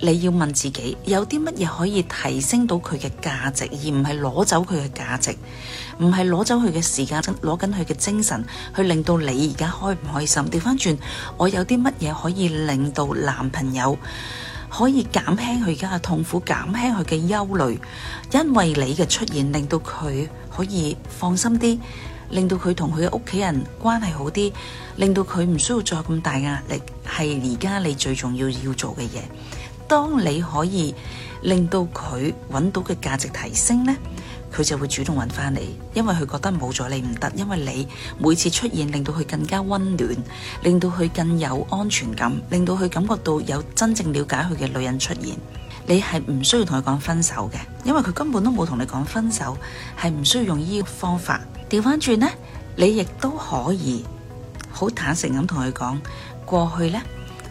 你要問自己有啲乜嘢可以提升到佢嘅價值，而唔係攞走佢嘅價值，唔係攞走佢嘅時間，攞緊佢嘅精神，去令到你而家開唔開心？掉返轉，我有啲乜嘢可以令到男朋友可以減輕佢而家嘅痛苦，減輕佢嘅憂慮，因為你嘅出現令到佢可以放心啲，令到佢同佢嘅屋企人關係好啲，令到佢唔需要再咁大壓力，係而家你最重要要做嘅嘢。當你可以令到佢揾到嘅價值提升呢，佢就會主動揾翻你，因為佢覺得冇咗你唔得，因為你每次出現令到佢更加溫暖，令到佢更有安全感，令到佢感覺到有真正了解佢嘅女人出現。你係唔需要同佢講分手嘅，因為佢根本都冇同你講分手，係唔需要用呢個方法。調翻轉呢，你亦都可以好坦誠咁同佢講，過去呢，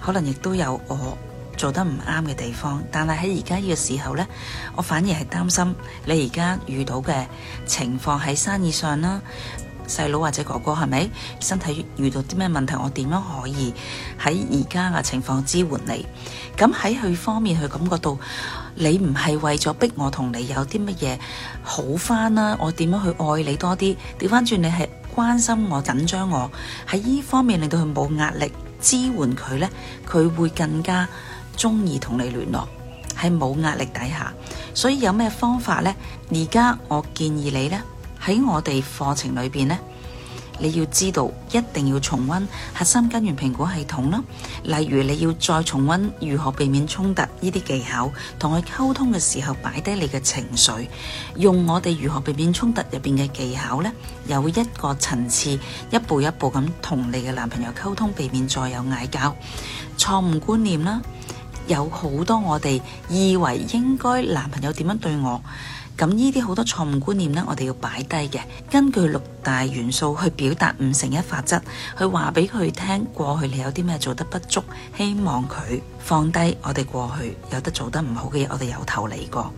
可能亦都有我。做得唔啱嘅地方，但係喺而家呢個時候咧，我反而係擔心你而家遇到嘅情況喺生意上啦，細佬或者哥哥係咪身體遇到啲咩問題？我點樣可以喺而家嘅情況支援你？咁喺佢方面，佢、這個、感覺到你唔係為咗逼我同你有啲乜嘢好翻啦，我點樣去愛你多啲？調翻轉，你係關心我，緊張我喺呢方面令到佢冇壓力，支援佢咧，佢會更加。中意同你聯絡，喺冇壓力底下，所以有咩方法呢？而家我建議你呢，喺我哋課程裏邊呢，你要知道一定要重溫核心根源評估系統啦。例如你要再重溫如何避免衝突呢啲技巧，同佢溝通嘅時候擺低你嘅情緒，用我哋如何避免衝突入邊嘅技巧呢，有一個層次一步一步咁同你嘅男朋友溝通，避免再有嗌交錯誤觀念啦。有好多我哋以為應該男朋友點樣對我，咁呢啲好多錯誤觀念呢，我哋要擺低嘅。根據六大元素去表達五成一法則，去話俾佢聽，過去你有啲咩做得不足，希望佢放低我哋過去有得做得唔好嘅嘢，我哋由頭嚟過。